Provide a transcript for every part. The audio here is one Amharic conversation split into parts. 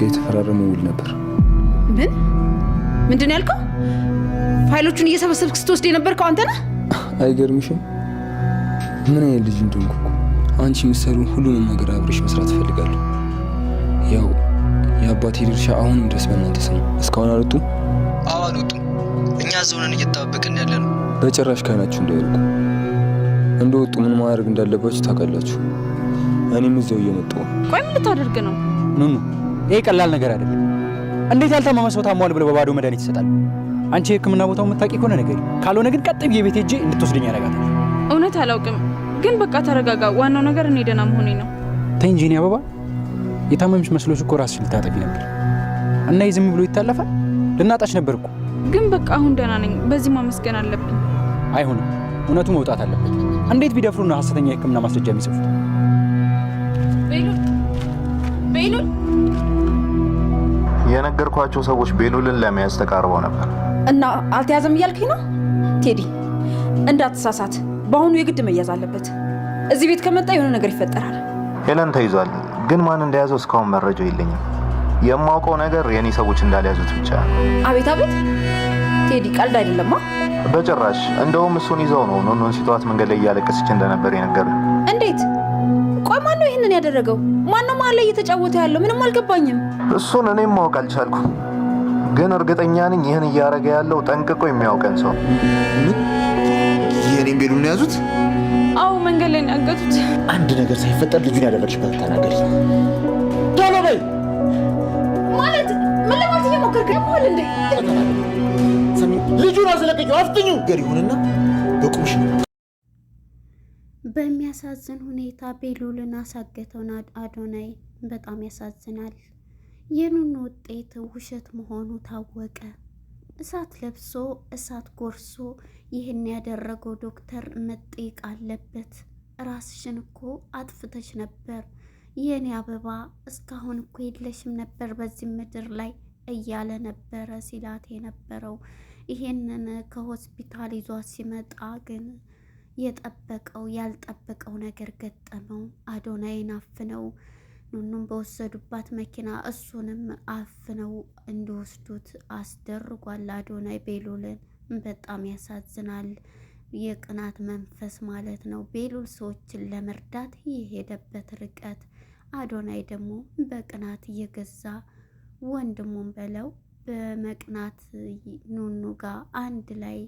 ጋር የተፈራረመው ውል ነበር። ምን ምንድን ነው ያልከው? ፋይሎቹን እየሰበሰብክ ስትወስድ የነበርከው አንተ ነህ? አይገርምሽም? ምን አይነት ልጅ እንደሆንኩ እኮ። አንቺ የምትሰሪውን ሁሉንም ነገር አብሬሽ መስራት እፈልጋለሁ። ያው የአባቴ ድርሻ አሁንም ድረስ በእናንተ ስም ነው። እስካሁን አልወጡም? አዎ አልወጡም። እኛ ዘውነን እየተጠባበቅን ያለ ነው። በጭራሽ ካይናችሁ እንዳይርቁ። እንደወጡ ምን ማድረግ እንዳለባችሁ ታውቃላችሁ። እኔም እዚያው እየመጣሁ ቆይ፣ ምን ልታደርግ ነው? ኑኑ ይሄ ቀላል ነገር አይደለም። እንዴት ያልታመመ ሰው ታሟል ብለው በባዶ መድኃኒት ይሰጣል? አንቺ የህክምና ቦታው የምታውቂ ከሆነ ነገር፣ ካልሆነ ግን ቀጥ ብዬ ቤት ሄጄ እንድትወስደኝ ያረጋታል። እውነት አላውቅም፣ ግን በቃ ተረጋጋ። ዋናው ነገር እኔ ደህና መሆኔ ነው። ተይ እንጂ እኔ አበባ፣ የታመምሽ መስሎሽ እኮ ራስሽ ልታጠፊ ነበር። እና ይዝም ብሎ ይታለፋል? ልናጣሽ ነበር እኮ። ግን በቃ አሁን ደህና ነኝ፣ በዚህ ማመስገን አለብን አይሆንም፣ እውነቱ መውጣት አለበት። እንዴት ቢደፍሩና ሀሰተኛ የህክምና ማስረጃ የሚጽፉት? ቤሉል ቤሉል የነገርኳቸው ሰዎች ቤኑልን ለመያዝ ተቃርበው ነበር እና አልተያዘም እያልከኝ ነው ቴዲ? እንዳትሳሳት። በአሁኑ የግድ መያዝ አለበት። እዚህ ቤት ከመጣ የሆነ ነገር ይፈጠራል። ሄለን ተይዟል፣ ግን ማን እንደያዘው እስካሁን መረጃው የለኝም። የማውቀው ነገር የኔ ሰዎች እንዳልያዙት ብቻ። አቤት አቤት! ቴዲ ቀልድ አይደለማ በጭራሽ። እንደውም እሱን ይዘው ነው ኑኑን ሲተዋት መንገድ ላይ እያለቀሰች እንደነበር የነገረን ምን ያደረገው? ማነው መሀል ላይ እየተጫወተ ያለው? ምንም አልገባኝም። እሱን እኔም ማወቅ አልቻልኩም፣ ግን እርግጠኛ ነኝ ይህን እያደረገ ያለው ጠንቅቆ የሚያውቀን ሰው። የእኔን ቤሉን የያዙት? አዎ መንገድ ላይ ያገቱት። አንድ ነገር ሳይፈጠር ልጁን ያደረግሽበት ተናገሪ። ቶሎ በይ። ማለት ምን ለማለት እየሞከርክ ያል እንዴ? ልጁን አስለቀቂው፣ አፍጥኙ። ገር ይሁንና በቁምሽ በሚያሳዝን ሁኔታ ቤሉልን አሳገተውን አዶናይ በጣም ያሳዝናል። የኑኑ ውጤት ውሸት መሆኑ ታወቀ። እሳት ለብሶ እሳት ጎርሶ ይህን ያደረገው ዶክተር መጠየቅ አለበት። ራስሽን እኮ አጥፍተሽ ነበር የኔ አበባ፣ እስካሁን እኮ የለሽም ነበር በዚህ ምድር ላይ እያለ ነበረ ሲላት የነበረው። ይሄንን ከሆስፒታል ይዟት ሲመጣ ግን የጠበቀው ያልጠበቀው ነገር ገጠመው። አዶናይን አፍነው ኑኑም በወሰዱባት መኪና እሱንም አፍነው እንዲወስዱት አስደርጓል። አዶናይ ቤሉልን በጣም ያሳዝናል። የቅናት መንፈስ ማለት ነው። ቤሉል ሰዎችን ለመርዳት የሄደበት ርቀት፣ አዶናይ ደግሞ በቅናት እየገዛ ወንድሙን በለው በመቅናት ኑኑ ጋር አንድ ላይ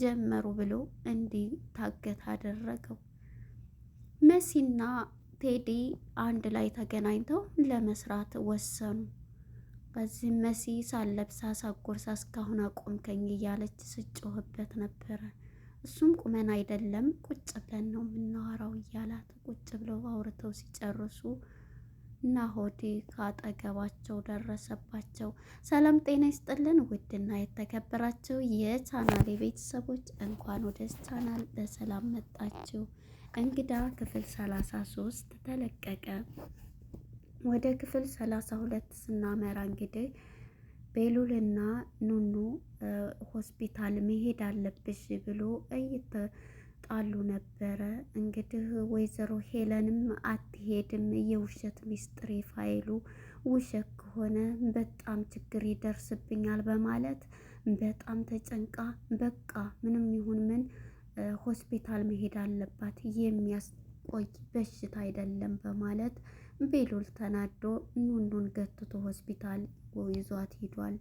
ጀመሩ ብሎ እንዲታገት አደረገው። መሲና ቴዲ አንድ ላይ ተገናኝተው ለመስራት ወሰኑ። በዚህ መሲ ሳለብሳ ሳጎርሳ እስካሁን አቆምከኝ እያለች ስጮህበት ነበረ። እሱም ቁመን አይደለም ቁጭ ብለን ነው የምናወራው እያላት ቁጭ ብለው አውርተው ሲጨርሱ ናሆድ ካጠገባቸው ደረሰባቸው። ሰላም ጤና ይስጥልን ውድና የተከበራችሁ የቻናሌ ቤተሰቦች እንኳን ወደ ቻናል በሰላም መጣችሁ። እንግዳ ክፍል 33 ተለቀቀ። ወደ ክፍል 32 ስናመራ እንግዲህ ቤሉልና ኑኑ ሆስፒታል መሄድ አለብሽ ብሎ እይተ ይጣሉ ነበረ። እንግዲህ ወይዘሮ ሄለንም አትሄድም የውሸት ሚስጥር ፋይሉ ውሸት ከሆነ በጣም ችግር ይደርስብኛል በማለት በጣም ተጨንቃ በቃ ምንም ይሁን ምን ሆስፒታል መሄድ አለባት የሚያስቆይ በሽታ አይደለም በማለት ቤሉል ተናዶ ኑኑን ገትቶ ሆስፒታል ይዟት ሂዷል።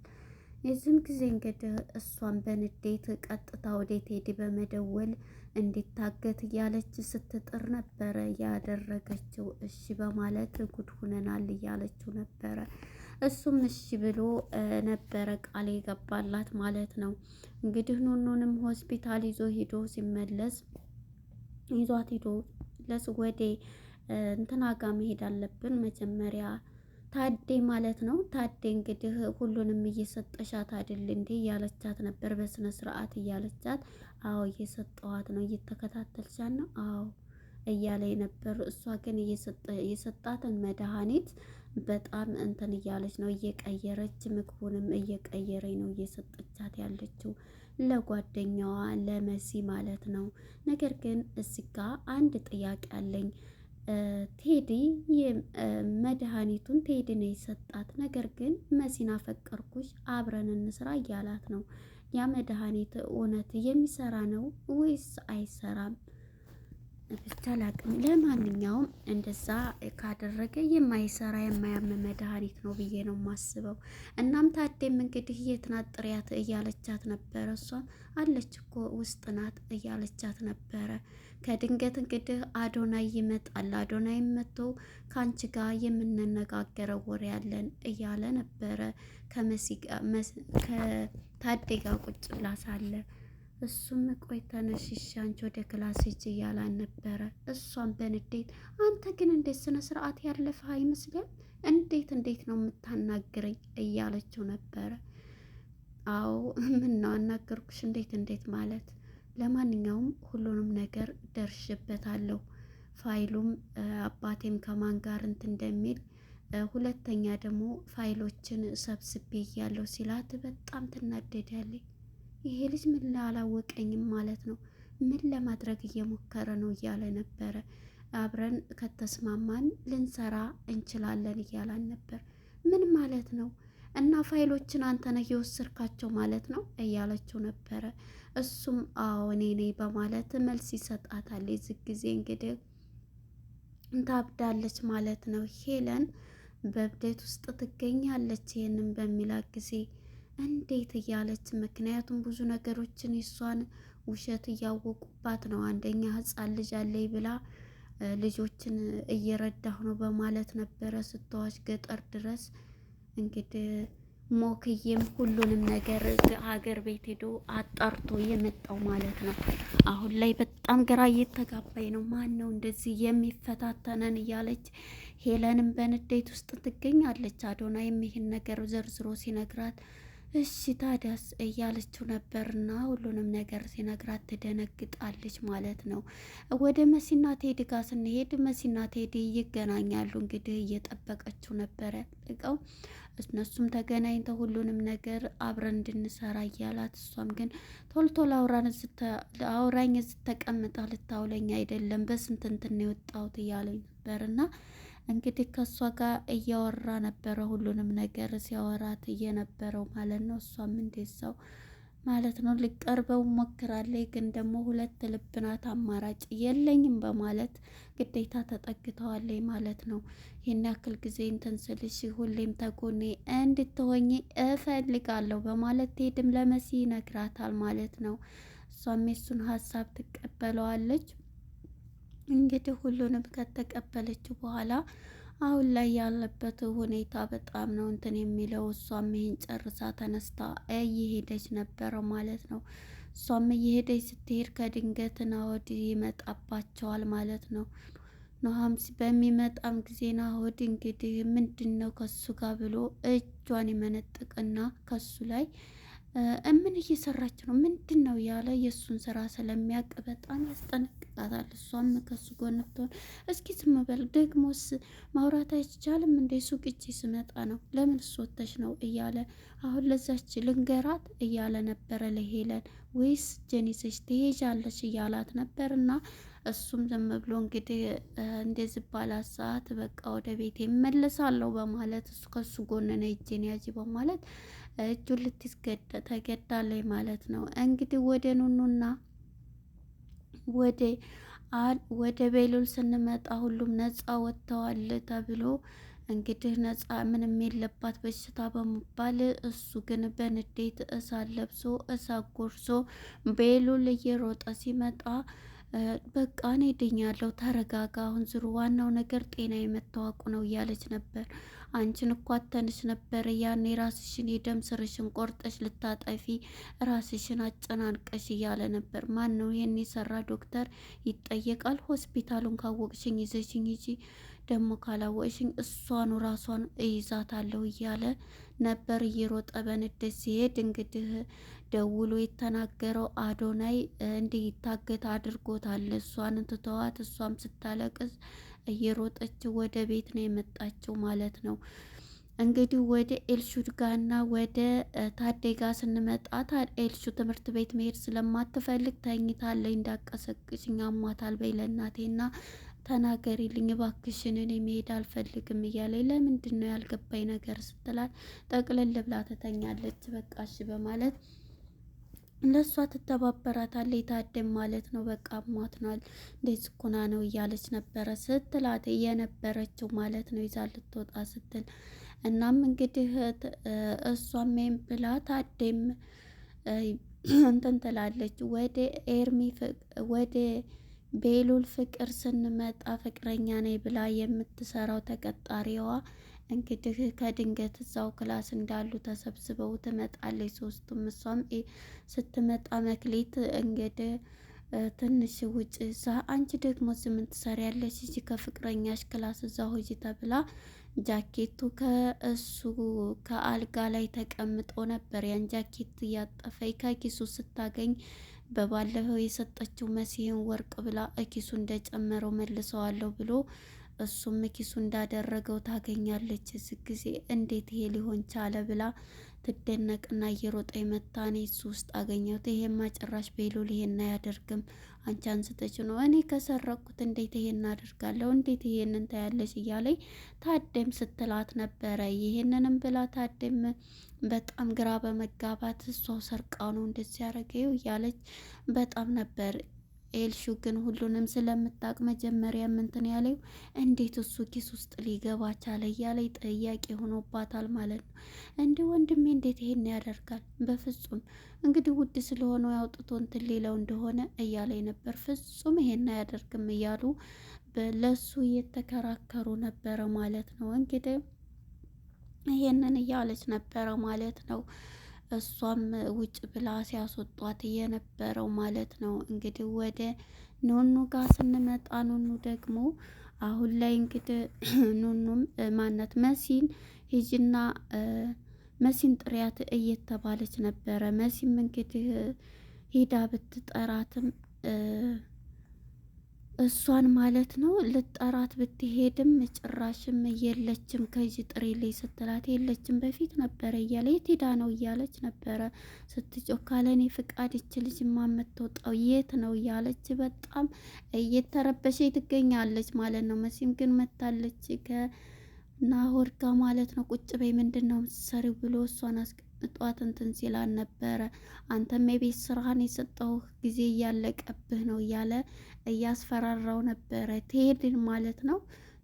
የዚህም ጊዜ እንግዲህ እሷን በንዴት ቀጥታ ወደ ቴዲ በመደወል እንዲታገት እያለች ስትጥር ነበረ ያደረገችው። እሺ በማለት ጉድ ሁነናል እያለችው ነበረ። እሱም እሺ ብሎ ነበረ ቃል የገባላት ማለት ነው። እንግዲህ ኑኑንም ሆስፒታል ይዞ ሂዶ ሲመለስ ይዟት ሂዶ ለስ ወደ እንትና ጋ መሄድ አለብን መጀመሪያ ታዴ ማለት ነው። ታዴ እንግዲህ ሁሉንም እየሰጠሻት አይደል እንዴ እያለቻት ነበር፣ በስነ ስርዓት እያለቻት። አዎ እየሰጠዋት ነው። እየተከታተልሻት ነው አዎ እያለ ነበር። እሷ ግን የሰጣትን መድኃኒት በጣም እንትን እያለች ነው እየቀየረች፣ ምግቡንም እየቀየረኝ ነው እየሰጠቻት ያለችው ለጓደኛዋ ለመሲ ማለት ነው። ነገር ግን እዚህ ጋ አንድ ጥያቄ አለኝ። ቴዲ መድኃኒቱን ቴዲ ነው የሰጣት። ነገር ግን መሲና ፈቀርኩሽ አብረን እንስራ እያላት ነው። ያ መድኃኒት እውነት የሚሰራ ነው ወይስ አይሰራም? ብቻላቅም ለማንኛውም እንደዛ ካደረገ የማይሰራ የማያመ መድኃኒት ነው ብዬ ነው የማስበው። እናም ታዴም እንግዲህ የት ናት ጥሪያት እያለቻት ነበረ። እሷም አለች እኮ ውስጥ ናት እያለቻት ነበረ። ከድንገት እንግዲህ አዶናይ ይመጣል። አዶናይ መጥቶ ከአንቺ ጋር የምንነጋገረው ወሬ ያለን እያለ ነበረ ከታዴ ጋር ቁጭ ብላ ሳለ እሱም ቆይ ተነሽ አንቺ ወደ ክላስ ሂጂ እያላን ነበረ። እሷም በንዴት አንተ ግን እንዴት ስነ ስርዓት ያለፈህ አይመስልም? እንዴት እንዴት ነው የምታናግረኝ? እያለችው ነበረ። አዎ ምን ነው አናገርኩሽ? እንዴት እንዴት ማለት ለማንኛውም ሁሉንም ነገር ደርሽበታለሁ። ፋይሉም አባቴም ከማን ጋር እንት እንደሚል ሁለተኛ ደግሞ ፋይሎችን ሰብስቤ እያለሁ ሲላት በጣም ትናደዳለች። ይሄ ልጅ ምን ላላወቀኝም ማለት ነው፣ ምን ለማድረግ እየሞከረ ነው እያለ ነበረ። አብረን ከተስማማን ልንሰራ እንችላለን እያላን ነበር። ምን ማለት ነው እና ፋይሎችን አንተ ነህ የወሰድካቸው ማለት ነው እያለችው ነበረ። እሱም አዎ እኔ ነኝ በማለት መልስ ይሰጣታል። የዚህ ጊዜ እንግዲህ ታብዳለች ማለት ነው ሄለን በእብደት ውስጥ ትገኛለች። ይህንን በሚላ ጊዜ እንዴት እያለች ምክንያቱም ብዙ ነገሮችን እሷን ውሸት እያወቁባት ነው። አንደኛ ህፃን ልጅ አለኝ ብላ ልጆችን እየረዳሁ ነው በማለት ነበረ ስተዋች ገጠር ድረስ እንግዲህ ሞክዬም ሁሉንም ነገር ሀገር ቤት ሄዶ አጣርቶ የመጣው ማለት ነው። አሁን ላይ በጣም ግራ እየተጋባኝ ነው። ማን ነው እንደዚህ የሚፈታተነን? እያለች ሄለንም በንዴት ውስጥ ትገኛለች። አዶናይም ይህን ነገር ዘርዝሮ ሲነግራት እሺ ታዲያስ እያለችው ነበርና ሁሉንም ነገር ሲነግራት ትደነግጣለች ማለት ነው። ወደ መሲና ቴዲ ጋር ስንሄድ መሲና ቴዲ ይገናኛሉ። እንግዲህ እየጠበቀችው ነበረ ጠብቀው እነሱም ተገናኝተው ሁሉንም ነገር አብረን እንድንሰራ እያላት እሷም ግን ቶልቶል አውራኝ ዝተቀምጣ ልታውለኝ አይደለም በስንትንትን የወጣሁት እያለኝ ነበርና እንግዲህ ከእሷ ጋር እያወራ ነበረ፣ ሁሉንም ነገር ሲያወራት እየነበረው ማለት ነው። እሷም እንዴት ሰው ማለት ነው ልቀርበው ሞክራለች፣ ግን ደግሞ ሁለት ልብ ናት፣ አማራጭ የለኝም በማለት ግዴታ ተጠግተዋለች ማለት ነው። ይህን ያክል ጊዜ እንትን ስልሽ ሁሌም ተጎኔ እንድትሆኝ እፈልጋለሁ በማለት ትሄድም ለመሲ ይነግራታል ማለት ነው። እሷም የሱን ሀሳብ ትቀበለዋለች። እንግዲህ ሁሉንም ከተቀበለችው በኋላ አሁን ላይ ያለበት ሁኔታ በጣም ነው እንትን የሚለው። እሷም ይህን ጨርሳ ተነስታ እየሄደች ነበረ ማለት ነው። እሷም እየሄደች ስትሄድ ከድንገት ናሆድ ይመጣባቸዋል ማለት ነው። ኖሃም በሚመጣም ጊዜ ናሆድ እንግዲህ ምንድን ነው ከሱ ጋር ብሎ እጇን የመነጥቅና ከሱ ላይ እምን እየሰራች ነው ምንድን ነው ያለ የእሱን ስራ ስለሚያውቅ በጣም ያስጠነቅቃታል እሷም ከሱ ጎን ብትሆን እስኪ ዝም በል ደግሞስ ማውራት አይቻልም እንደ ሱቅ እጅ ስመጣ ነው ለምን ሶተሽ ነው እያለ አሁን ለዛች ልንገራት እያለ ነበረ ለሄለን ወይስ ጀኒሰች ትሄጃለች እያላት ነበር እና እሱም ዝም ብሎ እንግዲህ እንደዚህ ባላት ሰዓት በቃ ወደ ቤት ይመለሳለሁ በማለት እሱ ከሱ ጎን ነው እጄን ያዥ በማለት እጁ ልትይዝ ተገዳለች ማለት ነው። እንግዲህ ወደ ኑኑና ወደ ወደ ቤሉል ስንመጣ ሁሉም ነጻ ወጥተዋል ተብሎ እንግዲህ ነጻ ምንም የለባት በሽታ በመባል እሱ ግን በንዴት እሳት ለብሶ እሳት ጎርሶ ቤሉል እየሮጠ ሲመጣ በቃ እኔ ድኛለሁ፣ ተረጋጋ። አሁን ዝሩ ዋናው ነገር ጤና የመታወቁ ነው እያለች ነበር። አንቺን እኮ አተንሽ ነበር ያኔ ራስሽን የደም ስርሽን ቆርጠሽ ልታጠፊ ራስሽን አጨናንቀሽ እያለ ነበር። ማን ነው ይህን የሰራ ዶክተር ይጠየቃል። ሆስፒታሉን ካወቅሽኝ ይዘሽኝ ሂጂ ደግሞ ካላወቅሽኝ እሷኑ ራሷን እይዛታለሁ እያለ ነበር እየሮጠ በንዴት ሲሄድ እንግዲህ ደውሎ የተናገረው አዶናይ እንዲታገት አድርጎታል። እሷን ትተዋት እሷም ስታለቅስ እየሮጠች ወደ ቤት ነው የመጣችው ማለት ነው። እንግዲህ ወደ ኤልሹድ ጋና ወደ ታዴጋ ስንመጣ ኤልሹ ትምህርት ቤት መሄድ ስለማትፈልግ ተኝታለኝ፣ እንዳቀሰቅሽኝ አሟታል በይ ለእናቴና ተናገሪልኝ እባክሽን እኔ መሄድ አልፈልግም እያለ ለምንድን ነው ያልገባኝ ነገር ስትላት ጠቅልል ብላ ትተኛለች። በቃሽ በማለት ለእሷ ትተባበራታለች። ታደም ማለት ነው በቃ አሟትናል እንዴት ጭኩና ነው እያለች ነበረ ስትላት የነበረችው ማለት ነው ይዛ ልትወጣ ስትል እናም እንግዲህ እሷ ይሄን ብላ ታደም እንትን ትላለች ወደ ኤርሚ ወደ በሉል ፍቅር ስንመጣ ፍቅረኛ ነኝ ብላ የምትሰራው ተቀጣሪዋ እንግዲህ ከድንገት እዛው ክላስ እንዳሉ ተሰብስበው ትመጣለች። ሶስቱም እሷም ስትመጣ መክሊት እንግዲህ ትንሽ ውጭ እዛ አንቺ ደግሞ ስምን ትሰሪያለሽ? እዚህ ከፍቅረኛሽ ክላስ እዛ ሆጂ ተብላ ጃኬቱ ከእሱ ከአልጋ ላይ ተቀምጦ ነበር። ያን ጃኬት እያጠፈይ ከኪሱ ስታገኝ በባለፈው የሰጠችው መሲህን ወርቅ ብላ እኪሱ እንደጨመረው መልሰዋለሁ ብሎ እሱም ኪሱ እንዳደረገው ታገኛለች። እዚህ ጊዜ እንዴት ይሄ ሊሆን ቻለ ብላ ትደነቅና እየሮጠ የመታኔ እሱ ውስጥ አገኘሁት። ይሄማ ጭራሽ በይሉል ይሄን አያደርግም፣ አንቺ አንስተች ነው እኔ ከሰረቅኩት እንዴት ይሄን አደርጋለሁ? እንዴት ይሄንን ታያለች እያለኝ ታደም ስትላት ነበረ። ይሄንንም ብላ ታደም በጣም ግራ በመጋባት እሷው ሰርቃ ነው እንደዚህ ያደረገው እያለች በጣም ነበር ኤልሹ ግን ሁሉንም ስለምታውቅ መጀመሪያ ምንትን ያለው እንዴት እሱ ኪስ ውስጥ ሊገባ ቻለ እያለ ጥያቄ ሆኖባታል ማለት ነው። እንዲ ወንድሜ እንዴት ይሄን ያደርጋል? በፍጹም እንግዲህ ውድ ስለሆነ ያውጥቶ እንትን ሌለው እንደሆነ እያለ ነበር። ፍጹም ይሄን አያደርግም እያሉ ለሱ እየተከራከሩ ነበረ ማለት ነው። እንግዲህ ይሄንን እያለች ነበረ ማለት ነው። እሷም ውጭ ብላ ሲያስወጧት የነበረው ማለት ነው። እንግዲህ ወደ ኖኑ ጋር ስንመጣ ኖኑ ደግሞ አሁን ላይ እንግዲህ ኖኑም ማናት መሲን ሂጂና መሲን ጥሪያት እየተባለች ነበረ። መሲም እንግዲህ ሂዳ ብትጠራትም እሷን ማለት ነው። ልጠራት ብትሄድም ጭራሽም የለችም ከዚህ ጥሬ ላይ ስትላት የለችም በፊት ነበረ እያለ የት ሄዳ ነው እያለች ነበረ ስትጮህ፣ ካለኔ ፍቃድ እች ልጅ የማምትወጣው የት ነው እያለች በጣም እየተረበሸ ትገኛለች ማለት ነው። መሲም ግን መታለች ከናሆድ ጋ ማለት ነው። ቁጭ በይ ምንድን ነው የምትሰሪው ብሎ እሷን አስገ እጧት እንትን ሲላን ነበረ። አንተም የቤት ስራህን የሰጠሁህ ጊዜ እያለቀብህ ነው እያለ እያስፈራራው ነበረ ትሄድን ማለት ነው።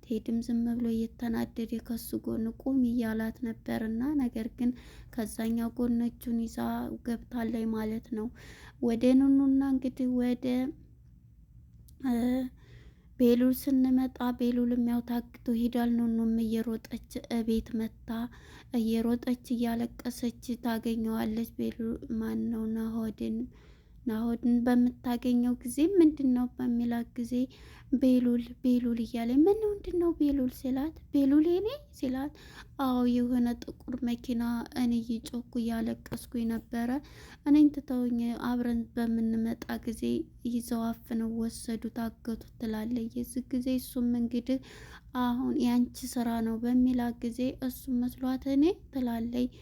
ቴድም ዝም ብሎ እየተናደደ ከሱ ጎን ቁም እያላት ነበርና ነገር ግን ከዛኛው ጎኖቹን ይዛ ገብታለች ማለት ነው። ወደ ንኑና እንግዲህ ወደ ቤሉል ስንመጣ ቤሉል የሚያውታግቶ ሂዳል። ኑኑም እየሮጠች እቤት መታ እየሮጠች እያለቀሰች ታገኘዋለች። ቤሉል ማን ነው ናሆድን ናሆድን በምታገኘው ጊዜ ምንድን ነው በሚላት ጊዜ ቤሉል ቤሉል እያለ ምን ምንድን ነው ቤሉል ሲላት፣ ቤሉል የኔ ሲላት፣ አዎ የሆነ ጥቁር መኪና እኔ እየጮኩ እያለቀስኩ ነበረ። እኔን ትተውኝ አብረን በምንመጣ ጊዜ ይዘው አፍነው ወሰዱት፣ አገቱት ትላለች። የዚህ ጊዜ እሱም እንግዲህ አሁን ያንቺ ስራ ነው በሚላት ጊዜ እሱ መስሏት እኔ ትላለች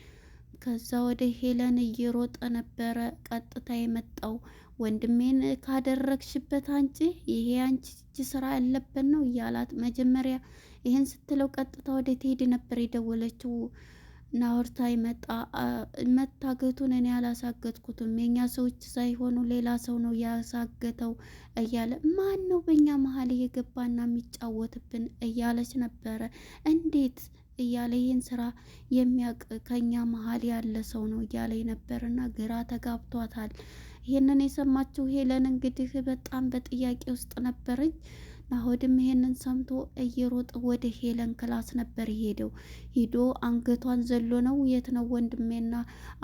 ከዛ ወደ ሄለን እየሮጠ ነበረ ቀጥታ የመጣው። ወንድሜን ካደረግሽበት አንቺ ይሄ አንቺ እጅ ስራ ያለበት ነው እያላት መጀመሪያ ይህን ስትለው ቀጥታ ወደ ትሄድ ነበር የደወለችው። ናሁርታ ይመጣ መታገቱን እኔ አላሳገጥኩትም፣ የኛ ሰዎች ሳይሆኑ ሌላ ሰው ነው ያሳገተው እያለ ማን ነው በእኛ መሀል የገባና የሚጫወትብን እያለች ነበረ እንዴት እያለ ይህን ስራ የሚያውቅ ከኛ መሀል ያለ ሰው ነው እያለ ነበርና ግራ ተጋብቷታል። ይህንን የሰማችው ሄለን እንግዲህ በጣም በጥያቄ ውስጥ ነበረች። ናሆድም ይሄንን ሰምቶ እየሮጠ ወደ ሄለን ክላስ ነበር የሄደው። ሂዶ አንገቷን ዘሎ ነው የት ነው ወንድሜና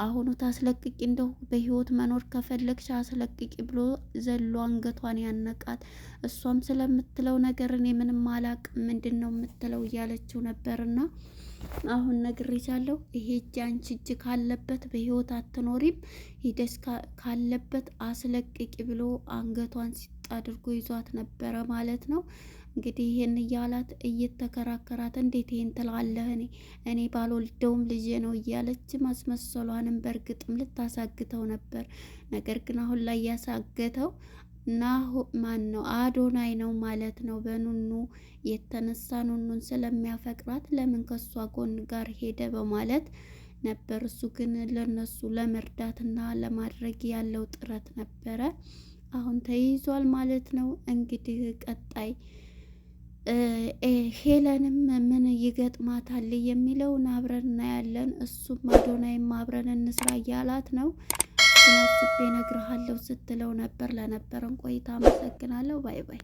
አሁኑ ታስለቅቂ እንደው በህይወት መኖር ከፈለግሽ አስለቅቂ ብሎ ዘሎ አንገቷን ያነቃት። እሷም ስለምትለው ነገር እኔ ምንም አላቅ ምንድን ነው የምትለው እያለችው ነበርና አሁን ነግሬሻለሁ። ይሄ እጅ አንቺ እጅ ካለበት በህይወት አትኖሪም፣ ሂደሽ ካለበት አስለቅቂ ብሎ አንገቷን አድርጎ ይዟት ነበረ ማለት ነው። እንግዲህ ይህን እያላት እየተከራከራት እንዴት ይህን ትላለህ? እኔ እኔ ባልወልደውም ልጄ ነው እያለች ማስመሰሏንም በእርግጥም ልታሳግተው ነበር። ነገር ግን አሁን ላይ ያሳገተው እና ማን ነው አዶናይ ነው ማለት ነው። በኑኑ የተነሳ ኑኑን ስለሚያፈቅራት ለምን ከሷ ጎን ጋር ሄደ በማለት ነበር። እሱ ግን ለነሱ ለመርዳትና ለማድረግ ያለው ጥረት ነበረ። አሁን ተይዟል ማለት ነው። እንግዲህ ቀጣይ ሄለንም ምን ይገጥማታል የሚለውን አብረን እናያለን። እሱም አዶናይም አብረን እንስራ እያላት ነው። ስናስቤ እነግርሃለሁ ስትለው ነበር። ለነበረን ቆይታ አመሰግናለሁ። ባይ ባይ።